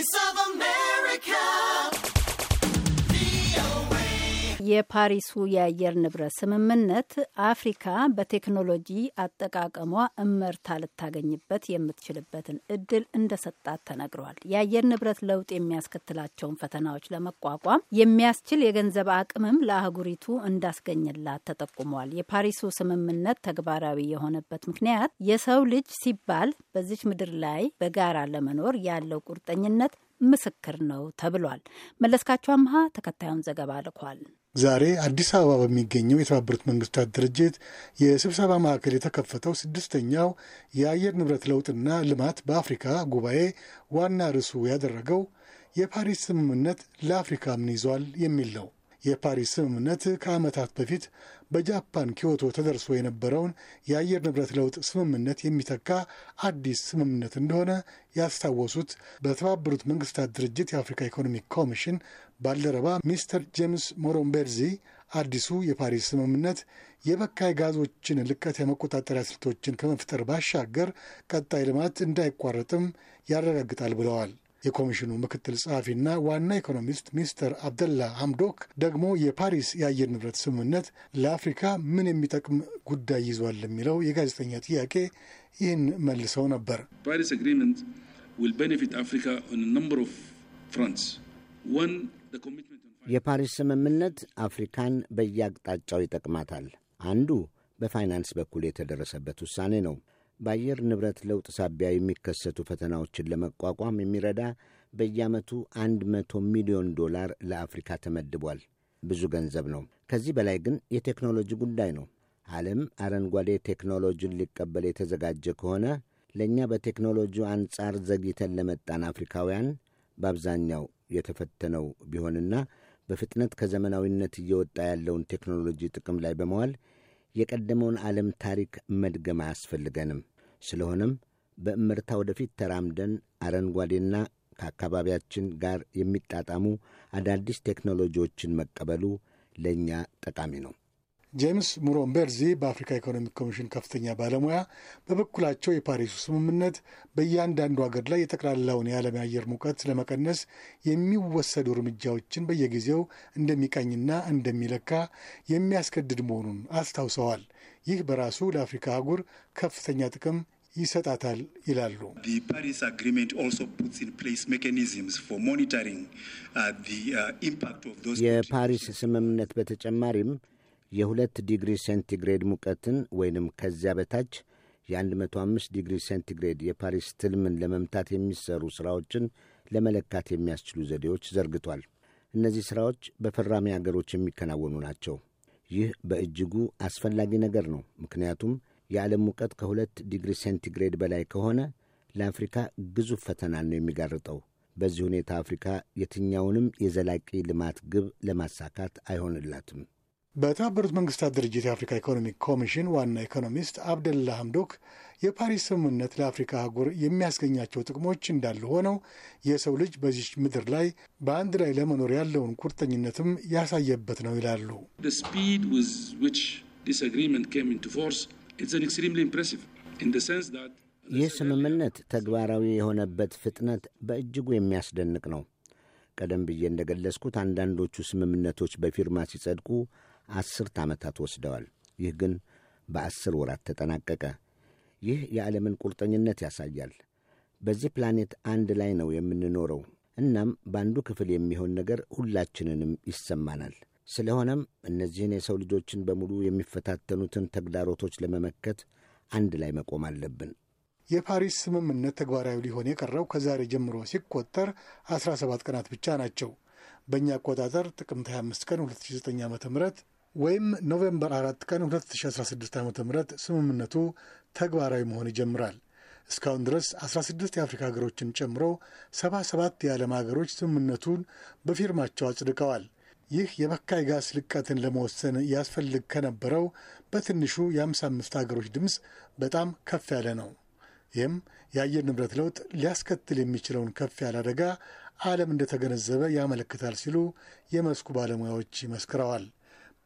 Voice of America. የፓሪሱ የአየር ንብረት ስምምነት አፍሪካ በቴክኖሎጂ አጠቃቀሟ እመርታ ልታገኝበት የምትችልበትን እድል እንደሰጣት ተነግሯል። የአየር ንብረት ለውጥ የሚያስከትላቸውን ፈተናዎች ለመቋቋም የሚያስችል የገንዘብ አቅምም ለአህጉሪቱ እንዳስገኝላት ተጠቁሟል። የፓሪሱ ስምምነት ተግባራዊ የሆነበት ምክንያት የሰው ልጅ ሲባል በዚች ምድር ላይ በጋራ ለመኖር ያለው ቁርጠኝነት ምስክር ነው ተብሏል። መለስካቸው አምሃ ተከታዩን ዘገባ ልኳል። ዛሬ አዲስ አበባ በሚገኘው የተባበሩት መንግስታት ድርጅት የስብሰባ ማዕከል የተከፈተው ስድስተኛው የአየር ንብረት ለውጥና ልማት በአፍሪካ ጉባኤ ዋና ርዕሱ ያደረገው የፓሪስ ስምምነት ለአፍሪካ ምን ይዟል የሚል ነው። የፓሪስ ስምምነት ከዓመታት በፊት በጃፓን ኪዮቶ ተደርሶ የነበረውን የአየር ንብረት ለውጥ ስምምነት የሚተካ አዲስ ስምምነት እንደሆነ ያስታወሱት በተባበሩት መንግስታት ድርጅት የአፍሪካ ኢኮኖሚክ ኮሚሽን ባልደረባ ሚስተር ጄምስ ሞሮምቤርዚ አዲሱ የፓሪስ ስምምነት የበካይ ጋዞችን ልቀት የመቆጣጠሪያ ስልቶችን ከመፍጠር ባሻገር ቀጣይ ልማት እንዳይቋረጥም ያረጋግጣል ብለዋል። የኮሚሽኑ ምክትል ጸሐፊና ዋና ኢኮኖሚስት ሚስተር አብደላ አምዶክ ደግሞ የፓሪስ የአየር ንብረት ስምምነት ለአፍሪካ ምን የሚጠቅም ጉዳይ ይዟል የሚለው የጋዜጠኛ ጥያቄ ይህን መልሰው ነበር። የፓሪስ ስምምነት አፍሪካን በየአቅጣጫው ይጠቅማታል። አንዱ በፋይናንስ በኩል የተደረሰበት ውሳኔ ነው። በአየር ንብረት ለውጥ ሳቢያ የሚከሰቱ ፈተናዎችን ለመቋቋም የሚረዳ በየዓመቱ 100 ሚሊዮን ዶላር ለአፍሪካ ተመድቧል። ብዙ ገንዘብ ነው። ከዚህ በላይ ግን የቴክኖሎጂ ጉዳይ ነው። ዓለም አረንጓዴ ቴክኖሎጂን ሊቀበል የተዘጋጀ ከሆነ ለእኛ በቴክኖሎጂው አንጻር ዘግይተን ለመጣን አፍሪካውያን በአብዛኛው የተፈተነው ቢሆንና በፍጥነት ከዘመናዊነት እየወጣ ያለውን ቴክኖሎጂ ጥቅም ላይ በመዋል የቀደመውን ዓለም ታሪክ መድገም አያስፈልገንም። ስለሆነም በእምርታ ወደፊት ተራምደን አረንጓዴና ከአካባቢያችን ጋር የሚጣጣሙ አዳዲስ ቴክኖሎጂዎችን መቀበሉ ለእኛ ጠቃሚ ነው። ጄምስ ሙሮምቤርዚ በአፍሪካ ኢኮኖሚክ ኮሚሽን ከፍተኛ ባለሙያ በበኩላቸው የፓሪሱ ስምምነት በእያንዳንዱ ሀገር ላይ የጠቅላላውን የዓለም የአየር ሙቀት ለመቀነስ የሚወሰዱ እርምጃዎችን በየጊዜው እንደሚቃኝና እንደሚለካ የሚያስገድድ መሆኑን አስታውሰዋል። ይህ በራሱ ለአፍሪካ አህጉር ከፍተኛ ጥቅም ይሰጣታል ይላሉ። uh, uh, የፓሪስ ስምምነት በተጨማሪም የሁለት ዲግሪ ሴንቲግሬድ ሙቀትን ወይንም ከዚያ በታች የ105 ዲግሪ ሴንቲግሬድ የፓሪስ ትልምን ለመምታት የሚሰሩ ሥራዎችን ለመለካት የሚያስችሉ ዘዴዎች ዘርግቷል። እነዚህ ሥራዎች በፈራሚ አገሮች የሚከናወኑ ናቸው። ይህ በእጅጉ አስፈላጊ ነገር ነው። ምክንያቱም የዓለም ሙቀት ከሁለት ዲግሪ ሴንቲግሬድ በላይ ከሆነ ለአፍሪካ ግዙፍ ፈተናን ነው የሚጋርጠው። በዚህ ሁኔታ አፍሪካ የትኛውንም የዘላቂ ልማት ግብ ለማሳካት አይሆንላትም። በተባበሩት መንግስታት ድርጅት የአፍሪካ ኢኮኖሚክ ኮሚሽን ዋና ኢኮኖሚስት አብደላ ሀምዶክ የፓሪስ ስምምነት ለአፍሪካ አህጉር የሚያስገኛቸው ጥቅሞች እንዳሉ ሆነው የሰው ልጅ በዚች ምድር ላይ በአንድ ላይ ለመኖር ያለውን ቁርጠኝነትም ያሳየበት ነው ይላሉ። ይህ ስምምነት ተግባራዊ የሆነበት ፍጥነት በእጅጉ የሚያስደንቅ ነው። ቀደም ብዬ እንደገለጽኩት አንዳንዶቹ ስምምነቶች በፊርማ ሲጸድቁ አስርት ዓመታት ወስደዋል። ይህ ግን በአስር ወራት ተጠናቀቀ። ይህ የዓለምን ቁርጠኝነት ያሳያል። በዚህ ፕላኔት አንድ ላይ ነው የምንኖረው። እናም በአንዱ ክፍል የሚሆን ነገር ሁላችንንም ይሰማናል። ስለሆነም እነዚህን የሰው ልጆችን በሙሉ የሚፈታተኑትን ተግዳሮቶች ለመመከት አንድ ላይ መቆም አለብን። የፓሪስ ስምምነት ተግባራዊ ሊሆን የቀረው ከዛሬ ጀምሮ ሲቆጠር 17 ቀናት ብቻ ናቸው። በእኛ አቆጣጠር ጥቅምት 25 ቀን 2009 ዓ.ም ወይም ኖቬምበር 4 ቀን 2016 ዓ ም ስምምነቱ ተግባራዊ መሆን ይጀምራል። እስካሁን ድረስ 16 የአፍሪካ ሀገሮችን ጨምሮ 77 የዓለም ሀገሮች ስምምነቱን በፊርማቸው አጽድቀዋል። ይህ የበካይ ጋስ ልቀትን ለመወሰን ያስፈልግ ከነበረው በትንሹ የ55 ሀገሮች ድምፅ በጣም ከፍ ያለ ነው። ይህም የአየር ንብረት ለውጥ ሊያስከትል የሚችለውን ከፍ ያለ አደጋ ዓለም እንደተገነዘበ ያመለክታል ሲሉ የመስኩ ባለሙያዎች ይመስክረዋል።